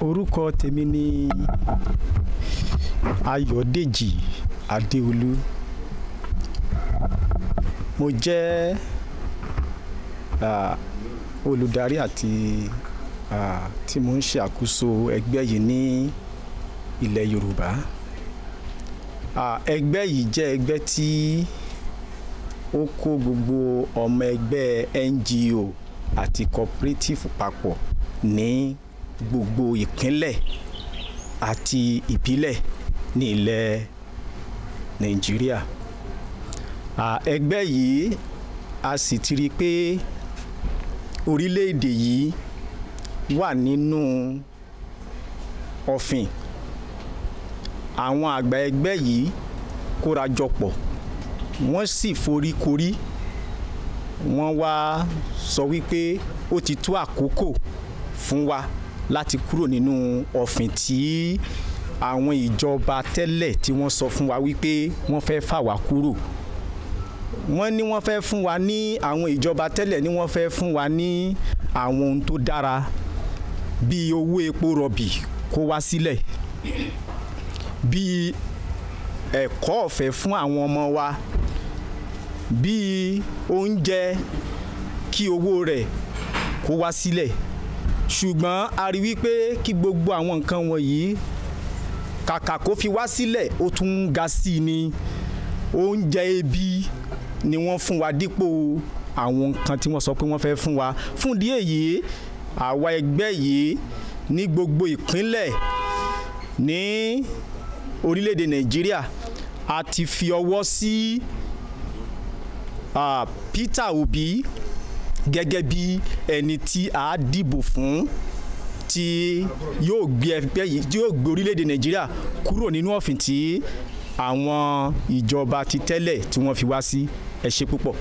orúkọ tèmi ni ayọ̀dèjì adéolú mo jẹ́ olùdarí àti tí mo ń ṣe àkóso ẹgbẹ́ yìí ní ilẹ̀ yorùbá ẹgbẹ́ yìí jẹ́ ẹgbẹ́ tí ó kó gbogbo ọmọ ẹgbẹ́ ngo àti cooperative papọ̀ ní gbogbo ìpínlẹ̀ àti ìbílẹ̀ ní ilẹ̀ nàìjíríà ẹgbẹ́ yìí a sì ti rí i pé orílẹ̀-èdè yìí wà nínú ọ̀fìn àwọn àgbà ẹgbẹ́ yìí kóra jọpọ̀ wọ́n sì foríkorí wọ́n wá sọ wípé ó ti tó àkókò fún wa láti kúrò nínú ọ̀fìn tí àwọn ìjọba tẹ́lẹ̀ tí wọ́n sọ fún wa wípé wọ́n fẹ́ fà wá kúrò wọ́n ní wọ́n fẹ́ fún wa ní àwọn ìjọba tẹ́lẹ̀ ní wọ́n fẹ́ fún wa ní àwọn ohun tó dára bíi owó epo rọ̀bì kó wá sílẹ̀ bíi ẹ̀kọ́ ọ̀fẹ́ fún àwọn ọmọ wa bíi oúnjẹ kí owó rẹ̀ kó wá sílẹ̀ ṣùgbọ́n a rí wípé kí gbogbo àwọn nǹkan wọ̀nyí kàkà kó fi wá sílẹ̀ ó tún ń ga sí i ni oúnjẹ ebi ni wọ́n fún wa dípò àwọn nǹkan tí wọ́n sọ pé wọ́n fẹ́ fún wa fún ìdí èyí àwa ẹgbẹ́ yìí ní gbogbo ìpínlẹ̀ ní orílẹ̀-èdè Nàìjíríà a ti fi ọwọ́ sí Peter Obi gẹ́gẹ́ bí ẹni tí a dìbò fún tí yóò gbé ẹgbẹ́ yìí tí yóò gbé orílẹ̀-èdè nàìjíríà kúrò nínú ọ̀fìn tí àwọn ìjọba ti tẹ́lẹ̀ tí wọ́n fi wá sí ẹ ṣe púpọ̀.